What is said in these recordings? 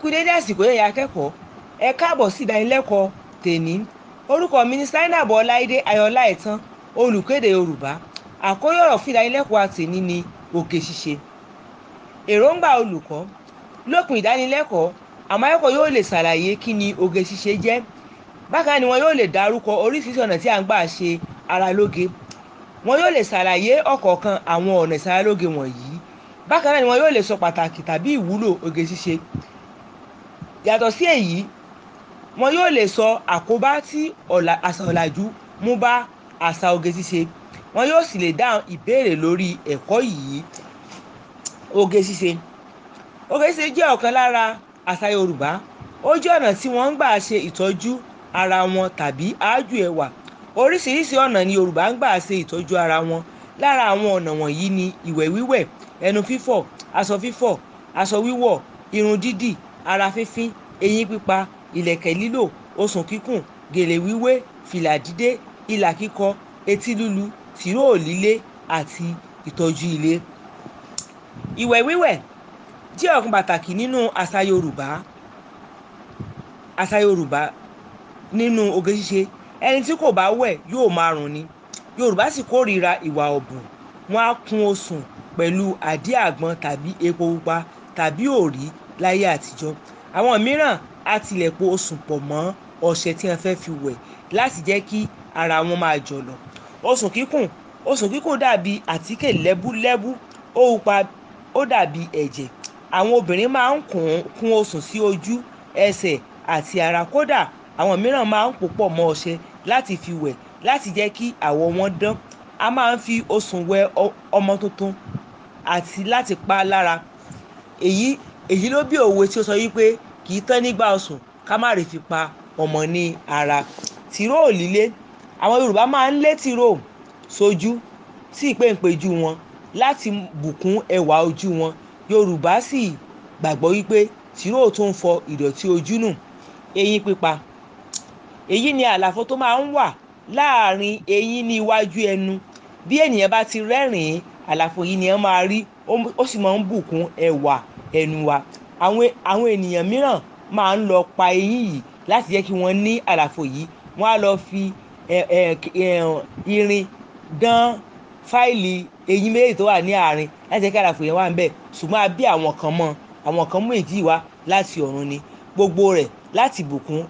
kú dédé àsìkò yẹ̀yà akẹ́kọ̀ọ́ ẹ káàbọ̀ sí ìdánilẹ́kọ̀ọ́ tèmi orúkọ mi ni Zainab Ọláìdé Ayọ̀lá Ẹ̀tàn olùkéde Yorùbá àkórí ọ̀rọ̀ fún ìdánilẹ́kọ̀ọ́ àtẹ̀ní ni òkè ṣíṣe èròǹgbà olùkọ́ lópin ìdánilẹ́kọ̀ọ́ àwọn akẹ́kọ̀ọ́ yóò lè ṣàlàyé kí ni òkè ṣíṣe jẹ́ bákan ni wọn yóò lè dárúkọ oríṣiríṣi ọ̀nà tí à ń gbà ṣe ara lóge wọn yóò lè ṣàlàyé ọ̀kọ̀ọ̀kan àwọn ọ̀nà ìṣaralóge wọ̀nyí bákan náà ni wọn yóò lè sọ pàtàkì tàbí ìwúlò oge ṣíṣe yàtọ̀ sí èyí wọn yóò lè sọ àkóbá tí àṣà ọ̀làjú mú bá àṣà oge ṣíṣe wọn yóò sì lè dáhùn ìbéèrè lórí ẹ̀kọ́ yìí oge ṣíṣe oge ṣíṣe jẹ́ ọ̀kan lára àṣà Yorùbá ó jẹ́ ọ̀nà tí wọ́n ń gbà ṣe ìtọ́jú ara wọn tàbí àájù ẹwà oríṣiríṣi ọ̀nà ni Yorùbá ń gbà ṣe ìtọ́jú ara wọn lára àwọn ọ̀nà wọ̀nyí ni ìwẹ̀ wíwẹ̀ ẹnu fífọ̀ aṣọ fífọ̀ aṣọ wíwọ̀ irun dídì ara fífín eyín pípa ìlẹ̀kẹ̀ lílò osùn kíkùn gèlè wíwé fìlà dídé ìlà kíkọ etí lúlu tìró òlílé àti ìtọ́jú ilé. ìwẹ̀ wíwẹ̀ jẹ́ ọ̀kan pàtàkì nínú àṣà yorùbá àṣà yorùbá nínú oge ṣíṣe ẹni tí kò bá wẹ̀ yóò máa rùn ni yorùbá sì kórìíra ìwà ọ̀bùn wọn á kun osùn pẹ̀lú àdí àgbọn tàbí epo pupa tàbí òrí láyé àtijọ́ àwọn mìíràn á tilẹ̀ po osùn pọ̀ mọ́ ọṣẹ tí wọ́n fẹ́ fi wẹ̀ láti jẹ́ kí ara wọn máa jọ̀lọ̀ osùn kíkùn osùn kíkùn dàbí àtíkè lẹ́búlẹ́bú ó pupa ó dàbí ẹ̀jẹ̀ àwọn obìnrin máa ń kùn osùn sí ojú ẹsẹ̀ àti ara kódà àwọn mìíràn máa ń pò pọ̀ mọ́ ọṣẹ láti fi wẹ̀ láti jẹ́ kí àwọ̀ wọn dán a máa ń fi osùn wẹ ọmọ tuntun àti láti pa lára èyí èyí ló bí òwe tí ó sọ wípé kì í tán nígbà ọ̀sùn ká má rè fi pa ọmọ ní ara tìró ò líle àwọn yorùbá máa ń lé tìró sójú sí ìpéǹpéjú wọn láti bùkún ẹwà ojú wọn yorùbá sì gbàgbọ́ wípé tìró tó ń fọ ìdọ̀tí ojú nù eyín pípa èyí ni àlàfo tó máa ń wà láàrin eyín ní iwájú ẹnu bí ènìyàn bá ti rẹ́rìn-ín àlàfo yìí ni ẹ máa rí ó sì máa ń bùkún ẹwà ẹnu wa àwọn àwọn ènìyàn mìíràn máa ń lọ pa eyín yìí láti jẹ́ kí wọ́n ní àlàfo yìí wọ́n á lọ fi irin dán fáìlì eyín méjèèjì tó wà ní àárín láti jẹ́ kí àlàfo yẹn wà ń bẹ̀ ṣùgbọ́n a bí àwọn kan mọ́ àwọn kan mú èjì wá láti ọ̀run ni gbogbo rẹ̀ láti bùkún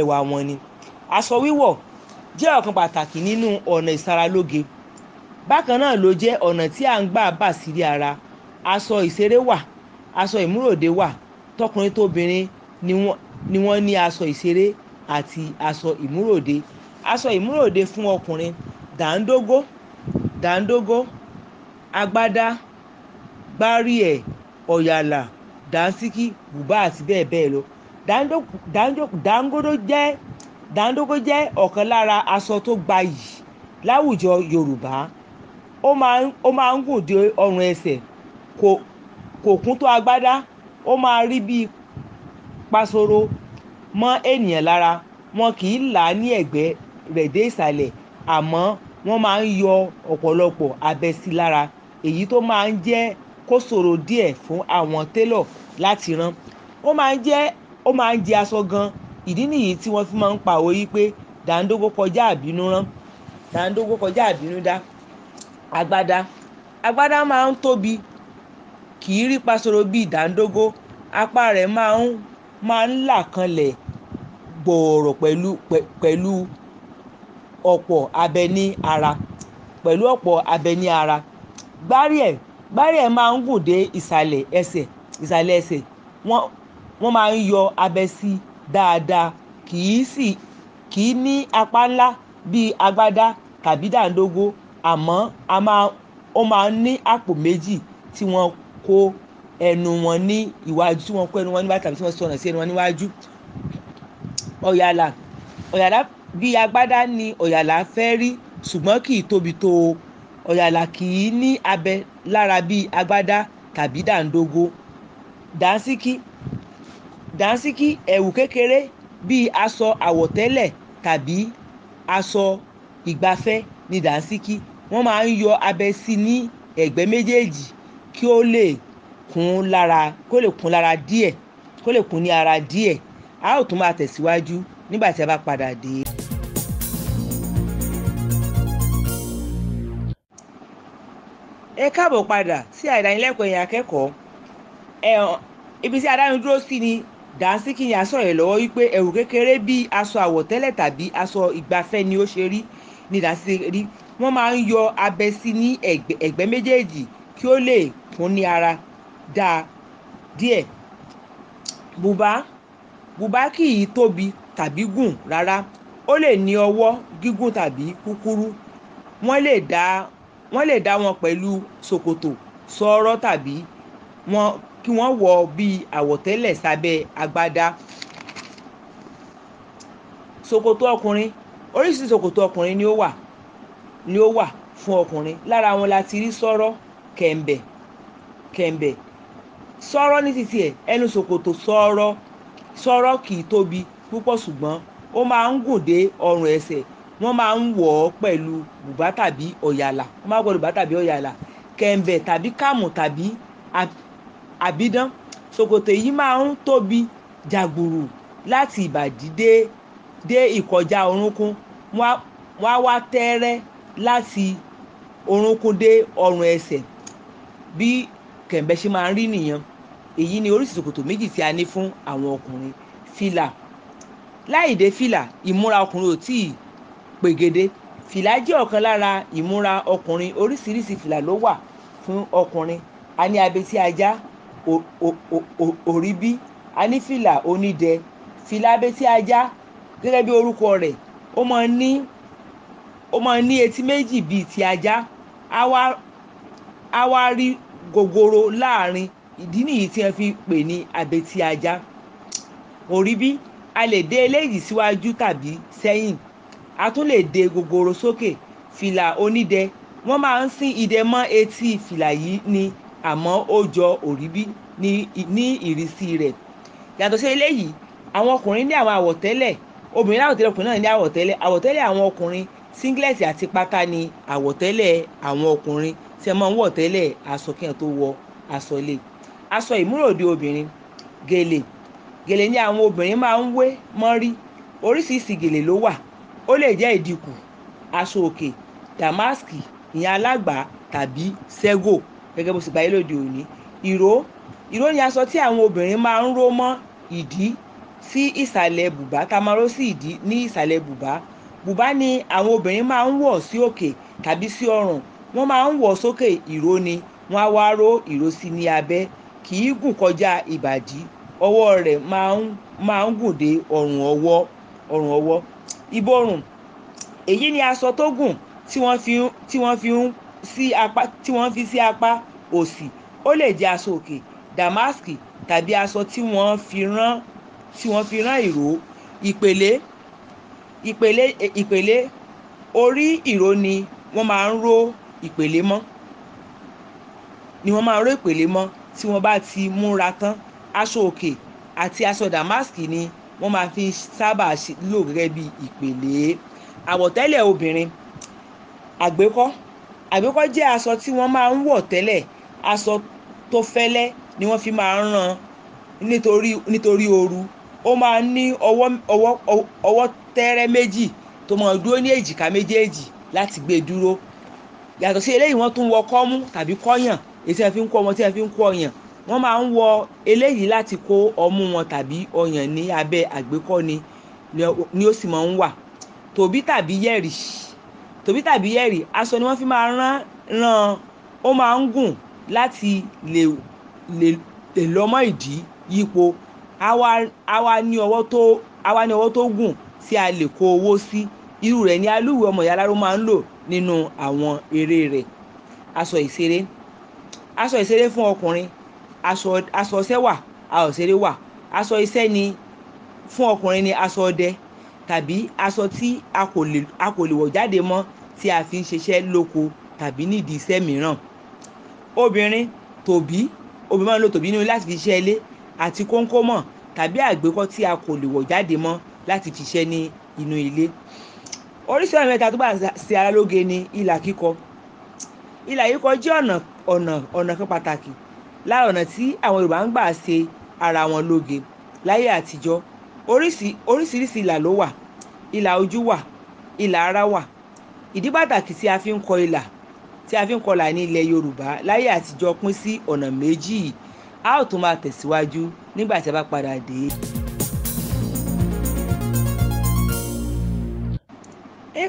ẹwà wọn ni aṣọ wíwọ̀ jẹ́ ọ̀kan pàtàkì nínú ọ̀nà ìsaralóge bákan náà ló jẹ́ ọ̀nà tí à ń gbà bà sírí ara aṣọ ìṣeré wà aṣọ ìmúròde wà tọkùnrin tóbìnrin ni wọ́n ní aṣọ ìṣeré àti aṣọ ìmúròde aṣọ ìmúròde fún ọkùnrin dàńdógó dàńdógó agbádá gbáríẹ̀ ọ̀yàlà dàńsíkí bùbá àti bẹ́ẹ̀ bẹ́ẹ̀ lọ dàńgódó jẹ́ dàńdógó jẹ́ ọ̀kan lára aṣọ tó gbayì láwùjọ yorùbá ó máa ń gùn dé ọrùn ẹsẹ̀ kò kò kún tó agbádá ó máa rí bíi pasoro mọ́ ènìyàn lára wọn kì í là á ní ẹ̀gbẹ́ rẹ̀ dé ìsàlẹ̀ àmọ́ wọ́n máa ń yọ ọ̀pọ̀lọpọ̀ abẹ sí lára èyí tó máa ń jẹ́ kó ṣòro díẹ̀ fún àwọn télọ̀ láti rán ó máa ń jẹ́ ó máa ń jẹ aṣọ gan ìdí nìyí tí wọ́n fi máa ń pa òwe yìí pé dàńdógó kọjá àbínú rán dàńdógó kọjá àbínú dá agbádá agbádá máa ń tóbi kì í rí pasoro bíi ìdándógó apá rẹ̀ máa ń máa ń là kanlẹ̀ gbòòrò pẹ̀lú pẹ̀lú ọ̀pọ̀ abẹ ní ara pẹ̀lú ọ̀pọ̀ abẹ ní ara gbárí ẹ̀ gbárí ẹ̀ máa ń gùn dé ìsàlẹ̀ ẹsẹ̀ ìsàlẹ̀ ẹsẹ̀ wọ́n wọ́n máa ń yọ abẹ sí dáadáa kì í sì kì í ní apá ńlá bíi agbádá tàbí dàńdógó àmọ́ ó máa ń ní àpò méjì tí wọ́n kó ẹnu wọn ní iwájú tí wọ́n kó ẹnu wọn ní bàtà tí wọ́n sọ̀nà sí ẹnu wọn níwájú ọ̀yàlà ọ̀yàlà bí agbádá ni ọ̀yàlà fẹ́ rí ṣùgbọ́n kì í tóbi tó ọ̀yàlà kì í ní abẹ lára bí agbádá tàbí dàńdógó dànsíkí dànsíkí ẹ̀wù kékeré bí aṣọ àwọ̀tẹ́lẹ̀ tàbí aṣọ ìgbafẹ́ ni dànsíkí wọ́n máa ń yọ abẹ sí ní ẹ̀gbẹ́ méjèèjì kí ó lè kún lára kó lè kún lára díẹ̀ kó lè kún ní ara díẹ̀ a ó tún máa tẹ̀síwájú nígbà tí a bá padà dé. ẹ káàbọ̀ padà sí àìdánilẹ́kọ̀ọ́ ẹ̀yin akẹ́kọ̀ọ́ ibi tí adáni dúró sí ni Dànsíkí ni a sọ̀rọ̀ ẹ̀ lọ́wọ́ wípé ẹ̀wù kékeré bíi aṣọ àwọ̀tẹ́lẹ̀ tàbí aṣọ ìgbafẹ́ ni ó ṣe rí ni Dànsíkí rí wọ́n máa ń yọ abẹ sí ní ẹ̀gbẹ́ méjèèjì kí ó lè fún ní ara dáa díẹ̀ bùbá bùbá kì í tóbi tàbí gùn rárá ó lè ní ọwọ́ gígùn tàbí kúkúrú wọ́n lè dá wọ́n lè dá wọn pẹ̀lú ṣòkòtò ṣọ́ọ́rọ́ tàbí wọn kí wọ́n wọ̀ bíi àwọ̀tẹ́lẹ̀ sábẹ́ agbádá ṣòkòtò ọkùnrin oríṣiríṣi ṣòkòtò ọkùnrin ni ó wà ni ó wà fún ọkùnrin lára wọn la ti rí ṣọ́ọ́rọ́ kẹ̀m̀bẹ̀ kẹ̀m̀bẹ̀ sọ̀rọ̀ ní títí ẹ̀ ẹnu ṣòkòtò sọ̀rọ̀ sọ̀rọ̀ kì í tóbi púpọ̀ ṣùgbọ́n ó máa ń gùn dé ọrùn ẹsẹ̀ wọ́n máa ń wọ̀ ọ́ pẹ̀lú bùbá tàbí ọ̀yàlà wọ́n máa ń wọ̀ bùbá tàbí ọ̀yàlà kẹ̀m̀bẹ̀ tàbí kàmù tàbí àbídán ṣòkòtò yìí máa ń tóbi jàgùrù láti ìbàdí dé dé ìkọjá orúnkún wọ́n á wá tẹ́ẹ́rẹ́ láti orúnkún dé ọrùn ẹsẹ̀ bí kẹ̀m̀bẹ̀ ṣe máa ń rí nìyẹn èyí ni oríṣi ṣòkòtò méjì tí a ní fún àwọn ọkùnrin fìlà láìdé fìlà ìmúra ọkùnrin ò tíì pègede fìlà jẹ́ ọ̀kan lára ìmúra ọkùnrin oríṣiríṣi fìlà ló wà fún ọkùnrin a ní abetí ajá òrí bí a ní fìlà onídẹ fìlà abetí ajá gẹ́gẹ́ bí orúkọ rẹ̀ ó máa ń ní ó máa ń ní etí méjì bíi ti ajá á wá á wá rí gogoro láàrin ìdí nìyí tí wọ́n fi pè ní àbètí ajá òrí bí a lè dé eléyìí síwájú tàbí sẹ́yìn a tún lè dé gogoro sókè fìlà onídẹ wọ́n máa ń sin idẹ mọ́ etí fìlà yìí ni àmọ́ ó jọ òríbí ní ìrísí rẹ̀ yàtọ̀ sí eléyìí àwọn ọkùnrin ní àwọn àwọ̀tẹ́lẹ̀ obìnrin ní àwọ̀tẹ́lẹ̀ ọkùnrin náà ní àwọ̀tẹ́lẹ̀ àwọ̀tẹ́lẹ̀ àwọn ọkùnrin singlet àti pátá ni àwọ̀tẹ́lẹ̀ àwọn ọkùnrin tí ẹ máa ń wọ̀ tẹ́lẹ̀ aṣọ kí ẹ tó wọ aṣọ ilé aṣọ ìmúròde obìnrin gèlè gèlè ni àwọn obìnrin máa ń wé mọ́rí oríṣiríṣi gèlè ló wà ó lè jẹ́ ìdìkù aṣọ òkè dàmásìkì ìyẹn alágbà tàbí sẹ́gò gẹ́gẹ́ bó sì gbáyé lóde òní ìró ìró ni aṣọ tí àwọn obìnrin máa ń ró mọ́ ìdí sí ìsàlẹ̀ bùbá tá a máa ró sí ìdí ní ìsàlẹ̀ bùbá bùbá ni àwọn obìnrin máa ń wọ̀ sí òkè tàbí sí ọrùn wọ́n máa ń wọ̀ sókè ìró ni wọ́n á wá ró ìró sí ní abẹ́ kì í gùn kọjá ìbàdí ọwọ́ rẹ̀ máa ń gùn dé ọrùn ọwọ́ ọrùn èyí ni aṣọ tó gùn tí wọ́n fi sí apá òsì ó lè jẹ́ aṣọ òkè dàmásìkì tàbí aṣọ tí wọ́n fi rán tí wọ́n ìró ìpèlé ìpèlé ìpèlé orí ìró ni wọ́n máa ń ró ìpèlé mọ́ ni wọ́n máa ró ìpèlé mọ́ tí wọ́n bá ti múra tán aṣọ òkè àti aṣọ dàmásìkì ni wọ́n máa fi sábà lò gẹ́gẹ́ bí ìpèlé àwọ̀tẹ́lẹ̀ obìnrin àgbékọ́ àgbékọ́ jẹ́ aṣọ tí wọ́n máa ń wọ̀ tẹ́lẹ̀ aṣọ tó fẹ́lẹ́ ni wọ́n fi máa ń rán nítorí nítorí ooru ó máa ń ní ọwọ́ ọwọ́ ọwọ́ tẹ́rẹ́ méjì tó máa dúró ní èjìká méjèèjì láti gbé dúró yàtọ̀ sí eléyìí wọ́n tún wọ kọ́mú tàbí kọ́yàn èyí tí wọ́n fi ń kó ọmọ tí wọ́n fi ń kó ọyàn wọ́n máa ń wọ eléyìí láti kó ọmú wọn tàbí ọyàn ní abẹ́ àgbékọ́ni ni ó sì máa ń wà tòbí tàbí yẹ̀rì tòbí tàbí yẹ̀rì aṣọ ni wọ́n fi máa rán rán ó máa ń gùn láti lè lè lọ́mọ ìdí yípo àwa ní ọwọ́ tó gùn tí a lè kó owó sí. Si irú rẹ̀ ni alúwẹ̀ ọmọ ìyá aláró máa ń lò nínú àwọn eré rẹ̀ aṣọ ìṣeré aṣọ ìṣeré fún ọkùnrin aṣọ ọṣẹ́ wà aṣọ ìṣeré wà aṣọ iṣẹ́ ni fún ọkùnrin ni aṣọ ọdẹ tàbí aṣọ tí a kò lè wọ̀ jáde mọ́ tí a fi ń ṣiṣẹ́ lóko tàbí nídìí iṣẹ́ mìíràn obìnrin tòbí obìnrin máa ń lo tòbí nínú láti fi ṣiṣẹ́ ilé àti kónkómọ̀ tàbí àgbékọ́ tí a kò lè wọ̀ jáde mọ́ láti fi ṣiṣẹ́ ní inú ilé oríṣi ọ̀nà mẹ́ta tó bá ṣe ara lóge ni ìlà kíkọ ìlà kíkọ jẹ́ ọ̀nà ọ̀nà ọ̀nà kan pàtàkì lára ọ̀nà tí àwọn Yorùbá ń gbà ṣe ara wọn lóge láyé àtijọ́ oríṣi oríṣiríṣi ìlà ló wà ìlà ojú wà ìlà ara wà ìdí pàtàkì tí a fi ń kọ ìlà tí a fi ń kọlà ní ilẹ̀ Yorùbá láyé àtijọ́ pín sí ọ̀nà méjì yìí a ó tún máa tẹ̀síwájú nígbà tí a bá padà dé.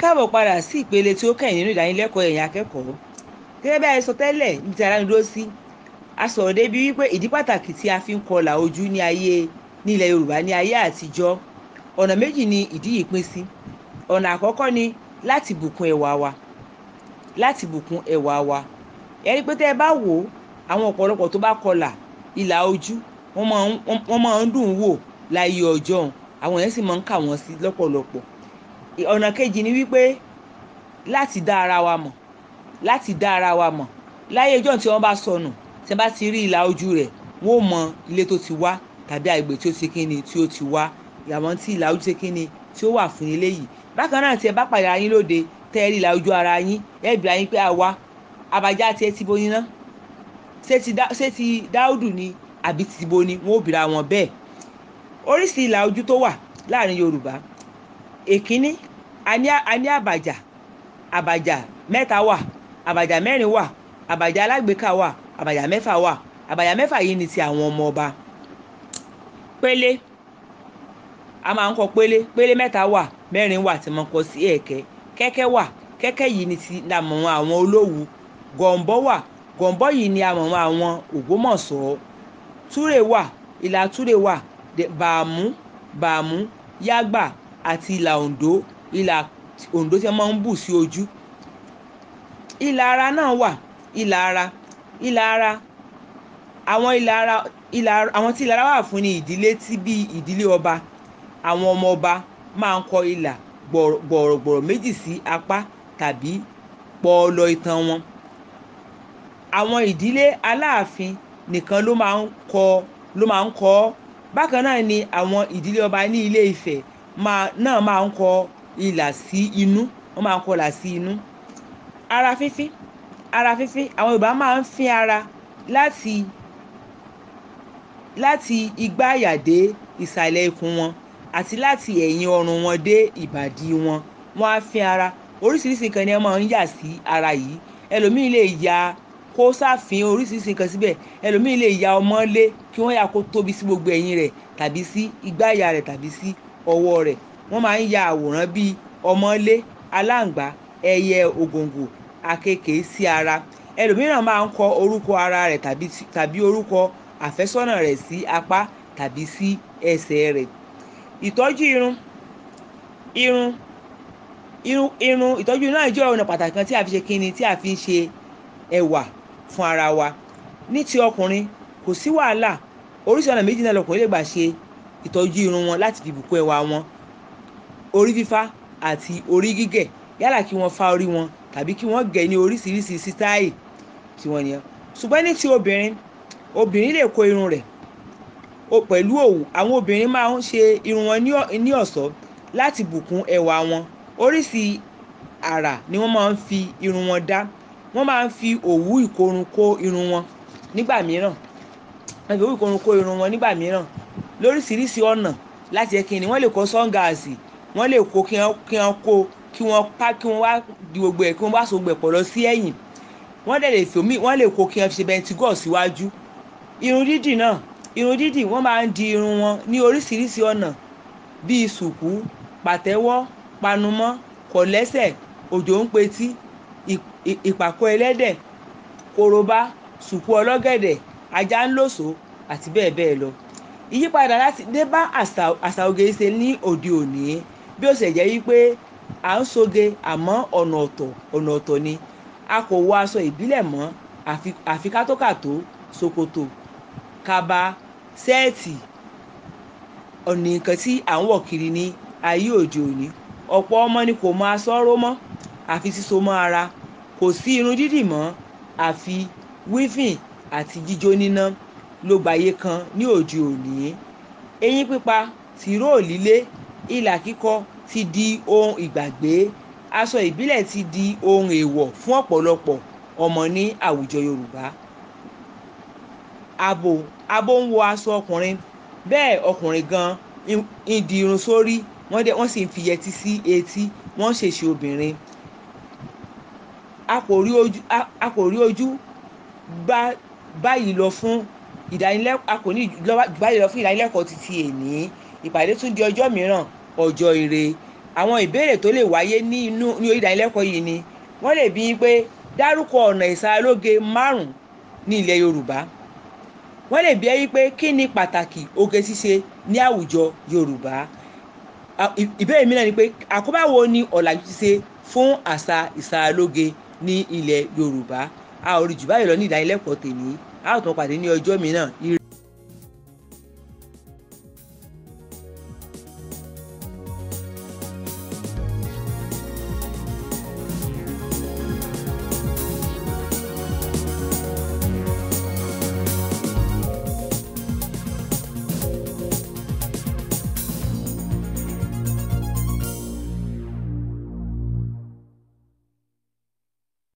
káàbọ̀ padà sí ìpele tí ó kẹ́yìn nínú ìdánilẹ́kọ̀ọ́ ẹ̀yìn akẹ́kọ̀ọ́ gẹ́gẹ́ bí a sọ tẹ́lẹ̀ ní ti alánudó sí a sọ̀rọ̀ débi wípé ìdí pàtàkì tí a fi ń kọlà ojú ní ayé ní ilẹ̀ Yorùbá ní ayé àtijọ́ ọ̀nà méjì ni ìdí yìí pín sí ọ̀nà àkọ́kọ́ ni láti bùkún ẹwà wa láti bùkún ẹwà wa ẹ rí pé tẹ́ ẹ bá wò ó àwọn ọ̀pọ̀lọpọ̀ tó bá kọlà ìlà ojú wọ́n máa ń dùn wò láyé ọjọ́ àwọn yẹn sì máa ń kà wọ́n sí lọ́pọ̀lọpọ̀ ọ̀nà kejì ni wípé láti dá ara wa mọ̀ láti dá ara wa mọ̀ láyé ìjọ tí wọ́n bá sọnù tí wọ́n bá ti rí ìlà ojú rẹ̀ wọ́n ò mọ ilé tó ti wá tàbí àgbè tí ó ti kíni tí ó ti wá ìyàwó tí ìlà ojú ti kíni tí ó wà fún ilé yìí bákan náà tí ẹ bá pàdé ara yín lóde tẹ́ ẹ rí ìlà ojú ara yín ẹ bìrì ayín pé àwa abajá tí ẹ ti bo yín ná ṣé ti dáúdù ni àbí ti bo ni wọn ò bìrà wọn bẹ́ẹ̀ oríṣi ìlà ojú tó wà láàrin Yorùbá èkíní a ní àbàjá àbàjá mẹ́ta wà àbàjá mẹ́rin wà àbàjá alágbèéká wà àbàjá mẹ́fà wà àbàjá mẹ́fà yìí ni ti àwọn ọmọ ọba pélé a máa ń kọ pélé pélé mẹ́ta wà mẹ́rin wà tí mo kọ sí ẹ̀kẹ́ kẹ́kẹ́ wà kẹ́kẹ́ yìí ni ti àmọ̀ràn àwọn olówù gọ̀ǹbọ́ wà gọ̀ǹbọ́ yìí ni àmọ̀ràn àwọn ògbómọ̀ṣọ́ túrè wà ìlà túrè wà bàámú bàámú yágbà àti ìlà òǹdó ìlà òǹdó tí wọ́n máa ń bù sí ojú ìlà ara náà wà ìlà ara ìlà ara àwọn ìlà ara ìlà àwọn tí ìlà ara wà fún ni ìdílé tí bí ìdílé ọba àwọn ọmọ ọba máa ń kọ ìlà gbọ̀rọ̀gbọ̀rọ̀ méjì sí apá tàbí pọ̀ọ̀lọ̀ itan wọn àwọn ìdílé aláàfin nìkan ló máa ń kọ ló máa ń kọ ọ́ bákan náà ni àwọn ìdílé ọba ní ilé Ifẹ̀ náà máa ń kọ ìlà sí inú wọ́n máa ń kọlà sí inú ara fínfín ara fínfín àwọn Yorùbá máa ń fín ara láti láti igbá àyà dé ìsàlẹ̀ ikùn wọn àti láti ẹ̀yìn ọrùn wọn dé ìbàdí wọn wọ́n á fín ara oríṣiríṣi nǹkan ni ẹ máa ń yà sí ara yìí ẹlòmíì lè ya kó sáfin oríṣiríṣi nǹkan síbẹ̀ ẹlòmíì lè ya ọmọ lé kí wọ́n yà kó tóbi sí gbogbo ẹ̀yìn rẹ̀ tàbí sí igbá àyà rẹ̀ tàbí sí ọwọ́ rẹ̀ wọ́n máa ń ya àwòrán bíi ọmọlé aláǹgbá ẹyẹ ògòǹgò àkekèé sí ara ẹlòmíràn máa ń kọ orúkọ ara rẹ̀ tàbí orúkọ àfẹ́sọ́nà rẹ̀ sí apá tàbí sí ẹsẹ̀ rẹ̀ ìtọ́jú irun irun irun irun ìtọ́jú irun náà jẹ́ ọ̀nà pàtàkì kan tí a fi ṣe kíni tí a fi ń ṣe ẹwà fún ara wa ní ti ọkùnrin kò sí wàhálà oríṣi ọ̀nà méjì náà lọkùnrin lè gbà ṣe ìtọ́jú irun wọn láti fi bùkún ẹwà wọn orí fífá àti orí gígẹ̀ yálà kí wọ́n fá orí wọn tàbí kí wọ́n gẹ̀ ní oríṣiríṣi sítáì tí wọ́n nìyẹn ṣùgbọ́n ní ti obìnrin obìnrin lè kó irun rẹ̀ pẹ̀lú òwú àwọn obìnrin máa ń ṣe irun wọn ní ọ̀ṣọ́ láti bùkún ẹwà wọn oríṣi àrà ni wọ́n máa ń fi irun wọn dá wọ́n máa ń fi òwú ìkorun kó irun wọn nígbà mìíràn wọ́n fi òwú ìkorun kó irun wọn nígbà mìíràn lóríṣiríṣi ọ̀nà láti ẹ̀kínni wọ́n lè kó sọ́ngàásì wọ́n lè kó kí wọ́n kó kí wọ́n pa kí wọ́n wá di gbogbo ẹ̀ kí wọ́n wá so gbogbo ẹ̀ pọ̀ lọ sí ẹ̀yìn wọ́n dẹ̀ lè fòmí wọ́n lè kó kí wọ́n fi ṣe bẹntigọ́ọ̀ síwájú irun dídì náà irun dídì wọ́n máa ń di irun wọn ní oríṣiríṣi ọ̀nà bíi sùkú pàtẹ́wọ́ panumọ́ kọ̀lẹ́sẹ̀ òjò ń petí ìpàkọ́ ẹlẹ́dẹ̀ korobá sùkú ọlọ́gẹ̀dẹ̀ ajá ń lòsò àti bẹ́ẹ̀ bẹ́ẹ̀ lọ ìyípadà láti dé bá àṣà oge ṣe ní òde òní bí ó sì jẹ́ wípé à ń soge àmọ́ ọ̀nà ọ̀tọ̀ ọ̀nà ọ̀tọ̀ ni a kò wọ aṣọ ìbílẹ̀ mọ́ àfi kátókàtó ṣòkòtò kaba ṣẹ́ẹ̀tì ọ̀nà nǹkan tí à ń wọ̀ kiri ní ayé òde òní ọ̀pọ̀ ọmọ ni kò máa sọ̀rọ̀ mọ́ àfi síso mọ́ ara kò sí irun dídì mọ́ àfi wífìn àti jíjó níná ló gbàyé kan ní òde òní eyín pípa tìróò lílé ilà kíkọ ti di ohun ìgbàgbé aṣọ ìbílẹ̀ ti di ohun èèwọ̀ fún ọ̀pọ̀lọpọ̀ ọmọ ní àwùjọ Yorùbá abo abo ń wọ aṣọ ọkùnrin bẹ́ẹ̀ ọkùnrin gan ń di irun sórí wọ́n sì ń fi yẹtí sí etí wọ́n ṣèṣe obìnrin a kò rí ojú báyìí lọ fún ìdánilẹ́kọ̀ọ́ títí èní ìpàdé tún di ọjọ́ mìíràn ọjọ́ ire àwọn ìbéèrè tó lè wáyé ní inú ní orí ìdánilẹ́kọ̀ọ́ yìí ni wọ́n lè bí pé dárúkọ ọ̀nà ìsaralóge márùn-ún ní ilẹ̀ yorùbá wọ́n lè bí ẹ́ wípé kí ni pàtàkì oge ṣíṣe ní àwùjọ yorùbá ìbéèrè mìíràn ni pé àkóbá ni ọ̀làjú ti ṣe fún àṣà ìsaralóge ní ilẹ̀ yorùbá a ò rí jù báyìí lọ ní ìdánilẹ́kọ̀ọ́ tèmi a ò tún pàdé ní ọjọ́ mìíràn.